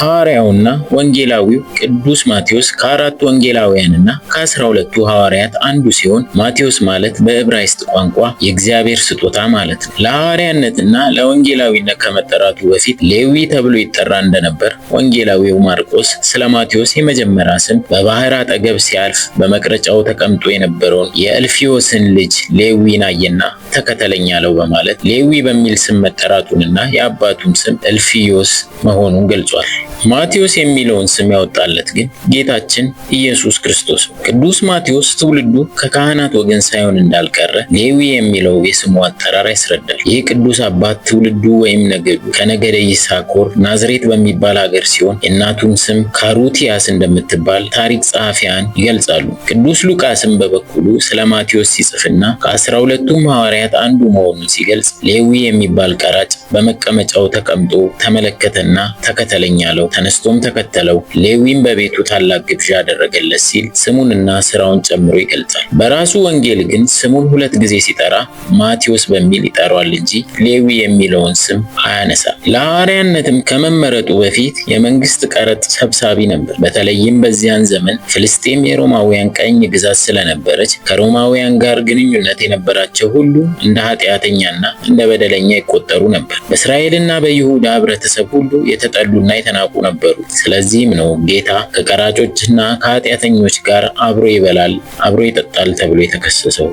ሐዋርያውና ወንጌላዊው ቅዱስ ማቴዎስ ከአራቱ ወንጌላውያንና ከአስራ ሁለቱ ሐዋርያት አንዱ ሲሆን ማቴዎስ ማለት በዕብራይስጥ ቋንቋ የእግዚአብሔር ስጦታ ማለት ነው። ለሐዋርያነትና ለወንጌላዊነት ከመጠራቱ በፊት ሌዊ ተብሎ ይጠራ እንደነበር ወንጌላዊው ማርቆስ ስለ ማቴዎስ የመጀመሪያ ስም በባህር አጠገብ ሲያልፍ በመቅረጫው ተቀምጦ የነበረውን የእልፊዮስን ልጅ ሌዊን አየና ተከተለኝ አለው በማለት ሌዊ በሚል ስም መጠራቱንና የአባቱም ስም እልፍዮስ መሆኑን ገልጿል። ማቴዎስ የሚለውን ስም ያወጣለት ግን ጌታችን ኢየሱስ ክርስቶስ ነው። ቅዱስ ማቴዎስ ትውልዱ ከካህናት ወገን ሳይሆን እንዳልቀረ ሌዊ የሚለው የስሙ አጠራር ያስረዳል። ይህ ቅዱስ አባት ትውልዱ ወይም ነገዱ ከነገደ ይሳኮር ናዝሬት በሚባል ሀገር ሲሆን የእናቱም ስም ካሩቲያስ እንደምትባል ታሪክ ጸሐፊያን ይገልጻሉ። ቅዱስ ሉቃስም በበኩሉ ስለ ማቴዎስ ሲጽፍና ከአስራ ሁለቱም ሐዋርያት አንዱ መሆኑን ሲገልጽ ሌዊ የሚባል ቀራጭ በመቀመጫው ተቀምጦ ተመለከተና ተከተለኝ አለው። ተነስቶም ተከተለው። ሌዊም በቤቱ ታላቅ ግብዣ አደረገለት ሲል ስሙንና ስራውን ጨምሮ ይገልጻል። በራሱ ወንጌል ግን ስሙን ሁለት ጊዜ ሲጠራ ማቴዎስ በሚል ይጠራዋል እንጂ ሌዊ የሚለውን ስም አያነሳም። ለሐዋርያነትም ከመመረጡ በፊት የመንግስት ቀረጥ ሰብሳቢ ነበር። በተለይም በዚያን ዘመን ፍልስጤም የሮማውያን ቀኝ ግዛት ስለነበረች ከሮማውያን ጋር ግንኙነት የነበራቸው ሁሉ እንደ ኃጢአተኛና እንደ በደለኛ ይቆጠሩ ነበር። በእስራኤልና በይሁዳ ህብረተሰብ ሁሉ የተጠሉና የተናቁ ነበሩ። ስለዚህም ነው ጌታ ከቀራጮችና ከኃጢአተኞች ጋር አብሮ ይበላል፣ አብሮ ይጠጣል ተብሎ የተከሰሰው።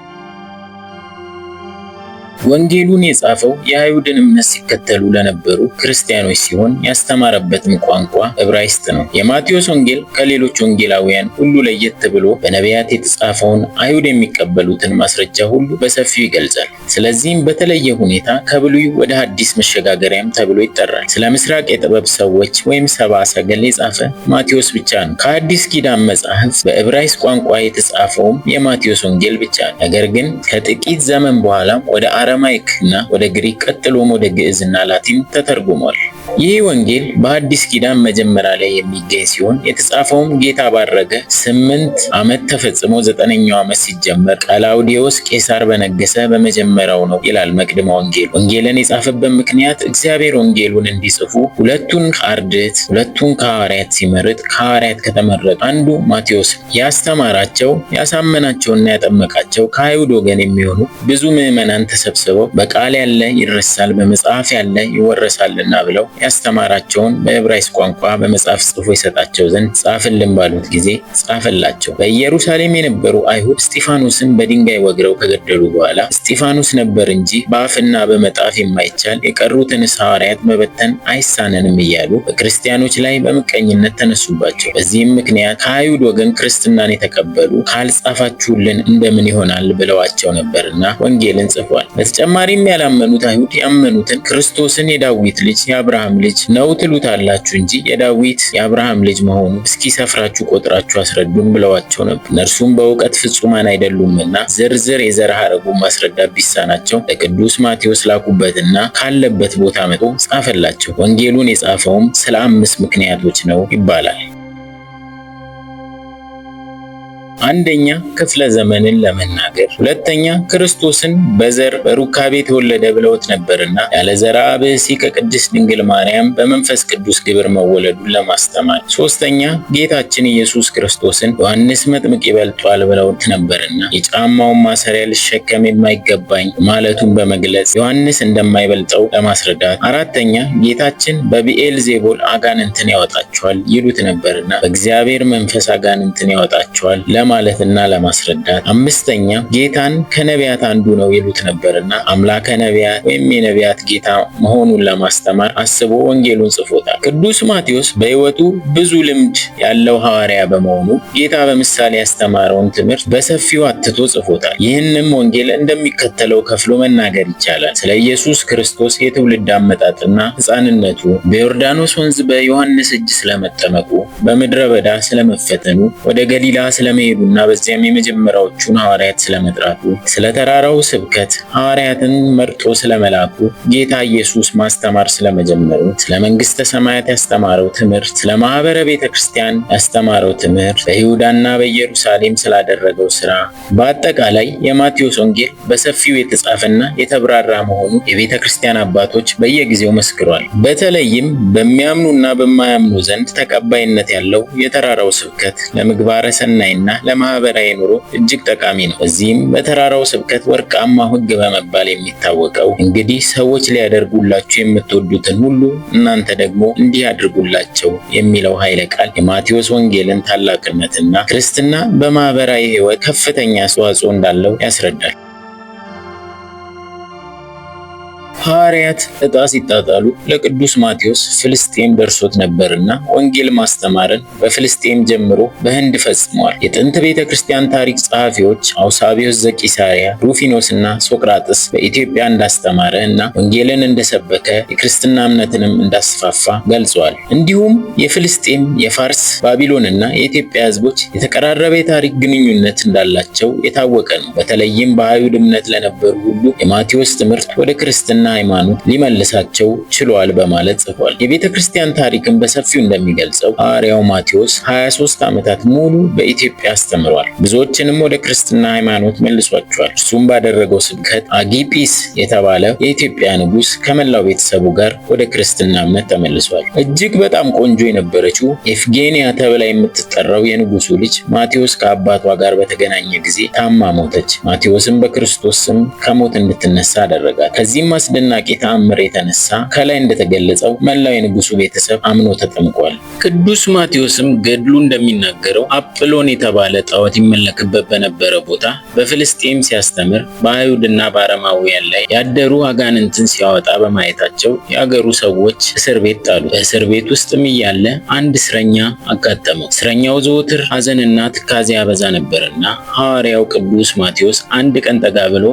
ወንጌሉን የጻፈው የአይሁድን እምነት ሲከተሉ ለነበሩ ክርስቲያኖች ሲሆን ያስተማረበትም ቋንቋ ዕብራይስጥ ነው። የማቴዎስ ወንጌል ከሌሎች ወንጌላውያን ሁሉ ለየት ብሎ በነቢያት የተጻፈውን አይሁድ የሚቀበሉትን ማስረጃ ሁሉ በሰፊው ይገልጻል። ስለዚህም በተለየ ሁኔታ ከብሉይ ወደ አዲስ መሸጋገሪያም ተብሎ ይጠራል። ስለ ምስራቅ የጥበብ ሰዎች ወይም ሰባ ሰገል የጻፈ ማቴዎስ ብቻ ነው። ከአዲስ ኪዳን መጽሐፍ በዕብራይስጥ ቋንቋ የተጻፈውም የማቴዎስ ወንጌል ብቻ ነው። ነገር ግን ከጥቂት ዘመን በኋላ ወደ አረማይክ እና ወደ ግሪክ ቀጥሎም ወደ ግዕዝና ላቲን ተተርጉሟል። ይህ ወንጌል በአዲስ ኪዳን መጀመሪያ ላይ የሚገኝ ሲሆን የተጻፈውም ጌታ ባረገ ስምንት ዓመት ተፈጽሞ ዘጠነኛው ዓመት ሲጀመር ቀላውዲዮስ ቄሳር በነገሰ በመጀመሪያው ነው ይላል መቅድመ ወንጌል። ወንጌልን የጻፈበት ምክንያት እግዚአብሔር ወንጌሉን እንዲጽፉ ሁለቱን አርድት ሁለቱን ከሐዋርያት ሲመርጥ ከሐዋርያት ከተመረጡ አንዱ ማቴዎስ ያስተማራቸው ያሳመናቸውና ያጠመቃቸው ከአይሁድ ወገን የሚሆኑ ብዙ ምዕመናን ተሰብስበው በቃል ያለ ይረሳል፣ በመጽሐፍ ያለ ይወረሳልና ብለው ያስተማራቸውን በዕብራይስጥ ቋንቋ በመጽሐፍ ጽፎ ይሰጣቸው ዘንድ ጻፍልን ባሉት ጊዜ ጻፈላቸው። በኢየሩሳሌም የነበሩ አይሁድ እስጢፋኖስን በድንጋይ ወግረው ከገደሉ በኋላ እስጢፋኖስ ነበር እንጂ በአፍና በመጣፍ የማይቻል የቀሩትንስ ሐዋርያት መበተን አይሳነንም እያሉ በክርስቲያኖች ላይ በምቀኝነት ተነሱባቸው። በዚህም ምክንያት ከአይሁድ ወገን ክርስትናን የተቀበሉ ካልጻፋችሁልን እንደምን ይሆናል ብለዋቸው ነበርና ወንጌልን ጽፏል። በተጨማሪም ያላመኑት አይሁድ ያመኑትን ክርስቶስን የዳዊት ልጅ የአብርሃም የአብርሃም ልጅ ነው ትሉታላችሁ እንጂ የዳዊት የአብርሃም ልጅ መሆኑ እስኪሰፍራችሁ ቆጥራችሁ አስረዱን ብለዋቸው ነበር። እነርሱም በእውቀት ፍጹማን አይደሉምና ዝርዝር የዘር ሐረጉን ማስረዳት ቢሳናቸው ለቅዱስ ማቴዎስ ላኩበትና ካለበት ቦታ መጥቶ ጻፈላቸው። ወንጌሉን የጻፈውም ስለ አምስት ምክንያቶች ነው ይባላል። አንደኛ ክፍለ ዘመንን ለመናገር፣ ሁለተኛ ክርስቶስን በዘር በሩካቤ ተወለደ ብለውት ነበርና ያለ ዘርአ ብእሲ ከቅድስት ድንግል ማርያም በመንፈስ ቅዱስ ግብር መወለዱን ለማስተማር፣ ሶስተኛ ጌታችን ኢየሱስ ክርስቶስን ዮሐንስ መጥምቅ ይበልጧል ብለውት ነበርና የጫማውን ማሰሪያ ልሸከም የማይገባኝ ማለቱን በመግለጽ ዮሐንስ እንደማይበልጠው ለማስረዳት፣ አራተኛ ጌታችን በብኤል ዜቦል አጋንንትን ያወጣቸዋል ይሉት ነበርና በእግዚአብሔር መንፈስ አጋንንትን ያወጣቸዋል ለማለትና ለማስረዳት። አምስተኛ ጌታን ከነቢያት አንዱ ነው ይሉት ነበርና አምላከ ነቢያት ወይም የነቢያት ጌታ መሆኑን ለማስተማር አስቦ ወንጌሉን ጽፎታል። ቅዱስ ማቴዎስ በሕይወቱ ብዙ ልምድ ያለው ሐዋርያ በመሆኑ ጌታ በምሳሌ ያስተማረውን ትምህርት በሰፊው አትቶ ጽፎታል። ይህንም ወንጌል እንደሚከተለው ከፍሎ መናገር ይቻላል። ስለ ኢየሱስ ክርስቶስ የትውልድ አመጣጥና ሕፃንነቱ፣ በዮርዳኖስ ወንዝ በዮሐንስ እጅ ስለመጠመቁ፣ በምድረ በዳ ስለመፈተኑ፣ ወደ ገሊላ ስለመሄዱ እና በዚያም የመጀመሪያዎቹን ሐዋርያት ስለመጥራቱ፣ ስለ ተራራው ስብከት ሐዋርያትን መርጦ ስለመላኩ፣ ጌታ ኢየሱስ ማስተማር ስለመጀመሩ፣ ስለ መንግሥተ ሰማያት ያስተማረው ትምህርት፣ ስለ ማኅበረ ቤተ ክርስቲያን ያስተማረው ትምህርት፣ በይሁዳና በኢየሩሳሌም ስላደረገው ሥራ፣ በአጠቃላይ የማቴዎስ ወንጌል በሰፊው የተጻፈና የተብራራ መሆኑ የቤተ ክርስቲያን አባቶች በየጊዜው መስክሯል። በተለይም በሚያምኑና በማያምኑ ዘንድ ተቀባይነት ያለው የተራራው ስብከት ለምግባረ ሰናይና ለማህበራዊ ኑሮ እጅግ ጠቃሚ ነው። እዚህም በተራራው ስብከት ወርቃማ ሕግ በመባል የሚታወቀው እንግዲህ ሰዎች ሊያደርጉላችሁ የምትወዱትን ሁሉ እናንተ ደግሞ እንዲህ አድርጉላቸው የሚለው ኃይለ ቃል የማቴዎስ ወንጌልን ታላቅነትና ክርስትና በማህበራዊ ሕይወት ከፍተኛ አስተዋጽኦ እንዳለው ያስረዳል። ሐዋርያት ዕጣ ሲጣጣሉ ለቅዱስ ማቴዎስ ፍልስጤም ደርሶት ነበርና ወንጌል ማስተማርን በፍልስጤም ጀምሮ በህንድ ፈጽመዋል። የጥንት ቤተ ክርስቲያን ታሪክ ጸሐፊዎች አውሳቢዎስ ዘቂሳሪያ፣ ሩፊኖስና ሶቅራጥስ በኢትዮጵያ እንዳስተማረ እና ወንጌልን እንደሰበከ የክርስትና እምነትንም እንዳስፋፋ ገልጿል። እንዲሁም የፍልስጤም፣ የፋርስ፣ ባቢሎንና የኢትዮጵያ ህዝቦች የተቀራረበ የታሪክ ግንኙነት እንዳላቸው የታወቀ ነው። በተለይም በአይሁድ እምነት ለነበሩ ሁሉ የማቴዎስ ትምህርት ወደ ክርስትና ሃይማኖት ሊመልሳቸው ችሏል በማለት ጽፏል። የቤተ ክርስቲያን ታሪክን በሰፊው እንደሚገልጸው ሐዋርያው ማቴዎስ 23 ዓመታት ሙሉ በኢትዮጵያ አስተምሯል። ብዙዎችንም ወደ ክርስትና ሃይማኖት መልሷቸዋል። እሱም ባደረገው ስብከት አጊጲስ የተባለ የኢትዮጵያ ንጉሥ ከመላው ቤተሰቡ ጋር ወደ ክርስትና እምነት ተመልሷል። እጅግ በጣም ቆንጆ የነበረችው ኤፍጌኒያ ተብላ የምትጠራው የንጉሱ ልጅ ማቴዎስ ከአባቷ ጋር በተገናኘ ጊዜ ታማ ሞተች። ማቴዎስም በክርስቶስ ስም ከሞት እንድትነሳ አደረጋት። ከዚህም አስደናቂ ተአምር የተነሳ ከላይ እንደተገለጸው መላው የንጉሱ ቤተሰብ አምኖ ተጠምቋል። ቅዱስ ማቴዎስም ገድሉ እንደሚናገረው አጵሎን የተባለ ጣዖት ይመለክበት በነበረ ቦታ በፍልስጤም ሲያስተምር በአይሁድና በአረማውያን ላይ ያደሩ አጋንንትን ሲያወጣ በማየታቸው የአገሩ ሰዎች እስር ቤት ጣሉ። በእስር ቤት ውስጥም እያለ አንድ እስረኛ አጋጠመው። እስረኛው ዘወትር ሐዘንና ትካዜ ያበዛ ነበርና ሐዋርያው ቅዱስ ማቴዎስ አንድ ቀን ጠጋ ብሎ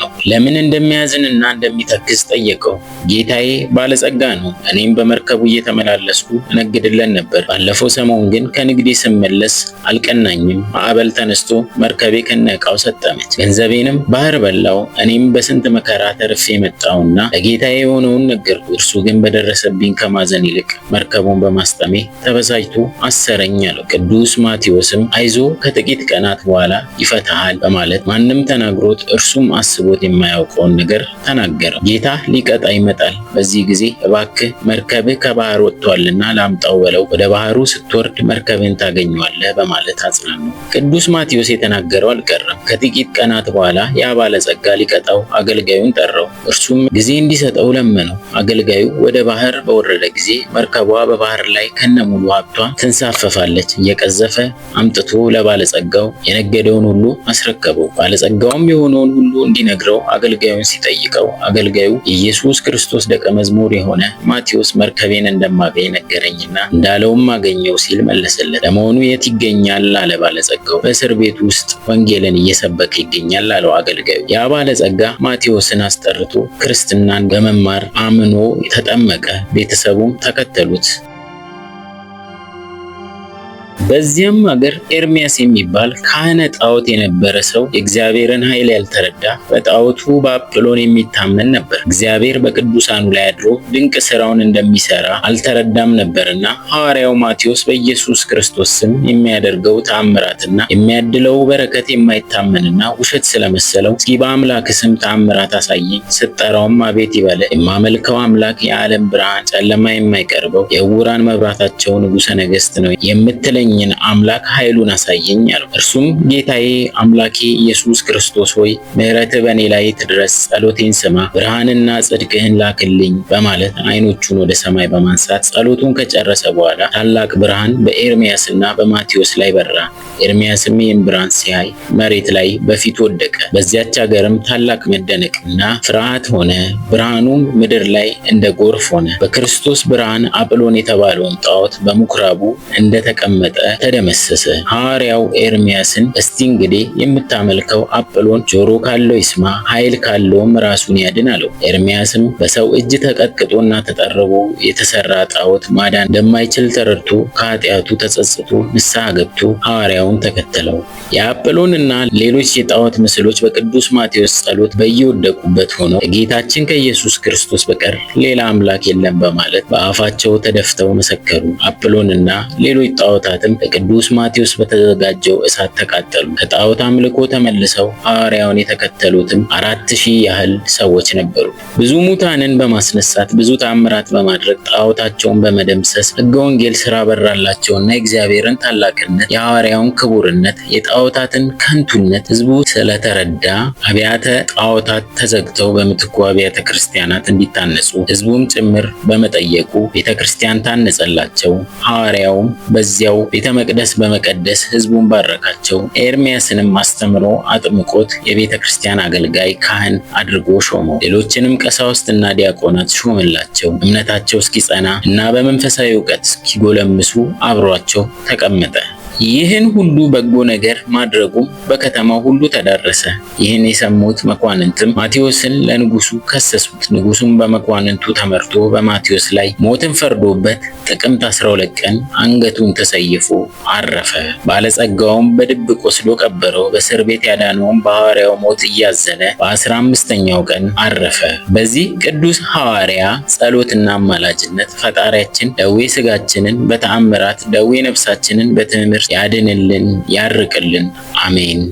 ነው ለምን እንደሚያዝንና እንደሚ ተክስ ጠየቀው። ጌታዬ ባለጸጋ ነው፣ እኔም በመርከቡ እየተመላለስኩ እነግድለን ነበር። ባለፈው ሰሞን ግን ከንግዴ ስመለስ አልቀናኝም። ማዕበል ተነስቶ መርከቤ ከነ ሰጠመች፣ ገንዘቤንም ባህር በላው። እኔም በስንት መከራ ተርፌ መጣውና ለጌታዬ የሆነውን ነገርኩ። እርሱ ግን በደረሰብኝ ከማዘን ይልቅ መርከቡን በማስጠሜ ተበሳጭቶ አሰረኝ አለው። ቅዱስ ማቴዎስም አይዞ ከጥቂት ቀናት በኋላ ይፈታሃል በማለት ማንም ተናግሮት እርሱም አስቦት የማያውቀውን ነገር ተናገረው። ጌታ ሊቀጣ ይመጣል። በዚህ ጊዜ እባክህ መርከብህ ከባህር ወጥቷልና ላምጣው በለው፣ ወደ ባህሩ ስትወርድ መርከብህን ታገኘዋለህ በማለት አጽናኑ። ቅዱስ ማቴዎስ የተናገረው አልቀረም። ከጥቂት ቀናት በኋላ ያ ባለጸጋ ሊቀጣው አገልጋዩን ጠራው። እርሱም ጊዜ እንዲሰጠው ለመነው። አገልጋዩ ወደ ባህር በወረደ ጊዜ መርከቧ በባህር ላይ ከነሙሉ ሀብቷ ትንሳፈፋለች። እየቀዘፈ አምጥቶ ለባለጸጋው የነገደውን ሁሉ አስረከበው። ባለጸጋውም የሆነውን ሁሉ እንዲነግረው አገልጋዩን ሲጠይቀው አገ አገልጋዩ የኢየሱስ ክርስቶስ ደቀ መዝሙር የሆነ ማቴዎስ መርከቤን እንደማገኝ ነገረኝና እንዳለውም አገኘው ሲል መለሰለት። ለመሆኑ የት ይገኛል አለ ባለጸጋው። በእስር ቤት ውስጥ ወንጌልን እየሰበከ ይገኛል አለው አገልጋዩ። ያ ባለጸጋ ማቴዎስን አስጠርቶ ክርስትናን በመማር አምኖ ተጠመቀ። ቤተሰቡም ተከተሉት። በዚያም ሀገር ኤርሚያስ የሚባል ካህነ ጣዖት የነበረ ሰው የእግዚአብሔርን ኃይል ያልተረዳ በጣዖቱ በአጵሎን የሚታመን ነበር። እግዚአብሔር በቅዱሳኑ ላይ አድሮ ድንቅ ስራውን እንደሚሰራ አልተረዳም ነበርና ሐዋርያው ማቴዎስ በኢየሱስ ክርስቶስ ስም የሚያደርገው ተአምራትና የሚያድለው በረከት የማይታመንና ውሸት ስለመሰለው እስኪ በአምላክ ስም ተአምራት አሳየኝ፣ ስጠራውም አቤት ይበለ የማመልከው አምላክ የዓለም ብርሃን ጨለማ የማይቀርበው የዕውራን መብራታቸው ንጉሠ ነገሥት ነው የምትለኝ የሰጠኝን አምላክ ኃይሉን አሳየኝ አለው። እርሱም ጌታዬ አምላኬ ኢየሱስ ክርስቶስ ሆይ ምሕረት በእኔ ላይ ትድረስ፣ ጸሎቴን ስማ፣ ብርሃንና ጽድቅህን ላክልኝ በማለት አይኖቹን ወደ ሰማይ በማንሳት ጸሎቱን ከጨረሰ በኋላ ታላቅ ብርሃን በኤርሚያስና በማቴዎስ ላይ በራ። ኤርሚያስ ይህን ብርሃን ሲያይ መሬት ላይ በፊት ወደቀ። በዚያች አገርም ታላቅ መደነቅና ፍርሃት ሆነ። ብርሃኑም ምድር ላይ እንደ ጎርፍ ሆነ። በክርስቶስ ብርሃን አጵሎን የተባለውን ጣዖት በምኩራቡ እንደተቀመጠ ተደመሰሰ። ሐዋርያው ኤርሚያስን እስቲ እንግዲህ የምታመልከው አጵሎን ጆሮ ካለው ይስማ፣ ኃይል ካለውም ራሱን ያድን አለው። ኤርሚያስም በሰው እጅ ተቀጥቅጦና ተጠርቦ የተሰራ ጣዖት ማዳን እንደማይችል ተረድቶ ከኃጢአቱ ተጸጽቶ ንስሐ ገብቶ ሐዋርያውን ተከተለው። የአጵሎንና ሌሎች የጣዖት ምስሎች በቅዱስ ማቴዎስ ጸሎት በየወደቁበት ሆነው ጌታችን ከኢየሱስ ክርስቶስ በቀር ሌላ አምላክ የለም በማለት በአፋቸው ተደፍተው መሰከሩ። አጵሎንና ሌሎች ጣዖታትም በመሆንም በቅዱስ ማቴዎስ በተዘጋጀው እሳት ተቃጠሉ። ከጣዖት አምልኮ ተመልሰው ሐዋርያውን የተከተሉትም አራት ሺህ ያህል ሰዎች ነበሩ። ብዙ ሙታንን በማስነሳት ብዙ ታምራት በማድረግ ጣዖታቸውን በመደምሰስ ሕገ ወንጌል ስራ በራላቸውና የእግዚአብሔርን ታላቅነት፣ የሐዋርያውን ክቡርነት፣ የጣዖታትን ከንቱነት ሕዝቡ ስለተረዳ አብያተ ጣዖታት ተዘግተው በምትኩ አብያተ ክርስቲያናት እንዲታነጹ ሕዝቡም ጭምር በመጠየቁ ቤተ ክርስቲያን ታነጸላቸው። ሐዋርያውም በዚያው ቤተ መቅደስ በመቀደስ ህዝቡን ባረካቸው። ኤርሚያስንም አስተምሮ አጥምቆት የቤተ ክርስቲያን አገልጋይ ካህን አድርጎ ሾመው። ሌሎችንም ቀሳውስትና ዲያቆናት ሾመላቸው። እምነታቸው እስኪጸና እና በመንፈሳዊ እውቀት እስኪጎለምሱ አብሯቸው ተቀመጠ። ይህን ሁሉ በጎ ነገር ማድረጉም በከተማው ሁሉ ተዳረሰ። ይህን የሰሙት መኳንንትም ማቴዎስን ለንጉሱ ከሰሱት። ንጉሱም በመኳንንቱ ተመርቶ በማቴዎስ ላይ ሞትን ፈርዶበት ጥቅምት 12 ቀን አንገቱን ተሰይፎ አረፈ። ባለጸጋውም በድብቅ ወስዶ ቀበረው። በእስር ቤት ያዳነውን በሐዋርያው ሞት እያዘነ በአስራ አምስተኛው ቀን አረፈ። በዚህ ቅዱስ ሐዋርያ ጸሎትና አማላጅነት ፈጣሪያችን ደዌ ስጋችንን በተአምራት ደዌ ነፍሳችንን በትምህርት ያድንልን፣ ያርቅልን። አሜን።